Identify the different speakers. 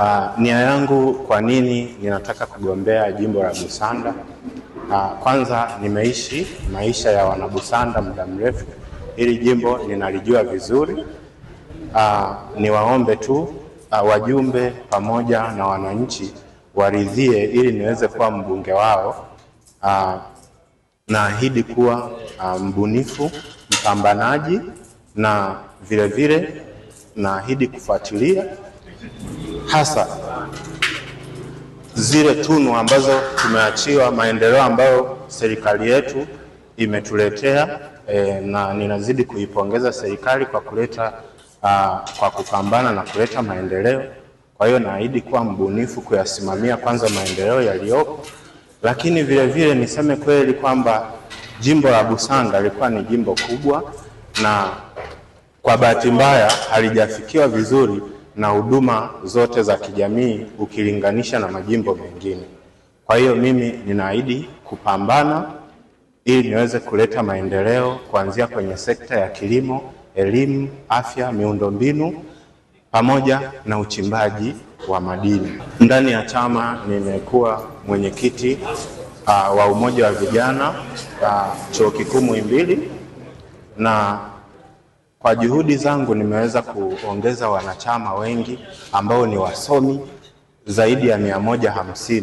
Speaker 1: Uh, nia yangu kwa nini ninataka kugombea jimbo la Busanda? Uh, kwanza nimeishi maisha ya wanabusanda muda mrefu, hili jimbo ninalijua vizuri. Uh, niwaombe tu uh, wajumbe pamoja na wananchi waridhie ili niweze kuwa mbunge wao. Uh, naahidi kuwa uh, mbunifu, mpambanaji na vilevile naahidi kufuatilia hasa zile tunu ambazo tumeachiwa, maendeleo ambayo serikali yetu imetuletea e, na ninazidi kuipongeza serikali kwa kuleta a, kwa kupambana na kuleta maendeleo. Kwa hiyo naahidi kuwa mbunifu kuyasimamia kwanza maendeleo yaliyopo, lakini vile vile niseme kweli kwamba jimbo la Busanga lilikuwa ni jimbo kubwa na kwa bahati mbaya halijafikiwa vizuri na huduma zote za kijamii ukilinganisha na majimbo mengine. Kwa hiyo mimi ninaahidi kupambana ili niweze kuleta maendeleo kuanzia kwenye sekta ya kilimo, elimu, afya, miundombinu pamoja na uchimbaji wa madini. Ndani ya chama nimekuwa mwenyekiti uh, wa umoja wa vijana uh, chuo kikuu Muhimbili na kwa juhudi zangu nimeweza kuongeza wanachama wengi ambao ni wasomi zaidi ya mia moja hamsini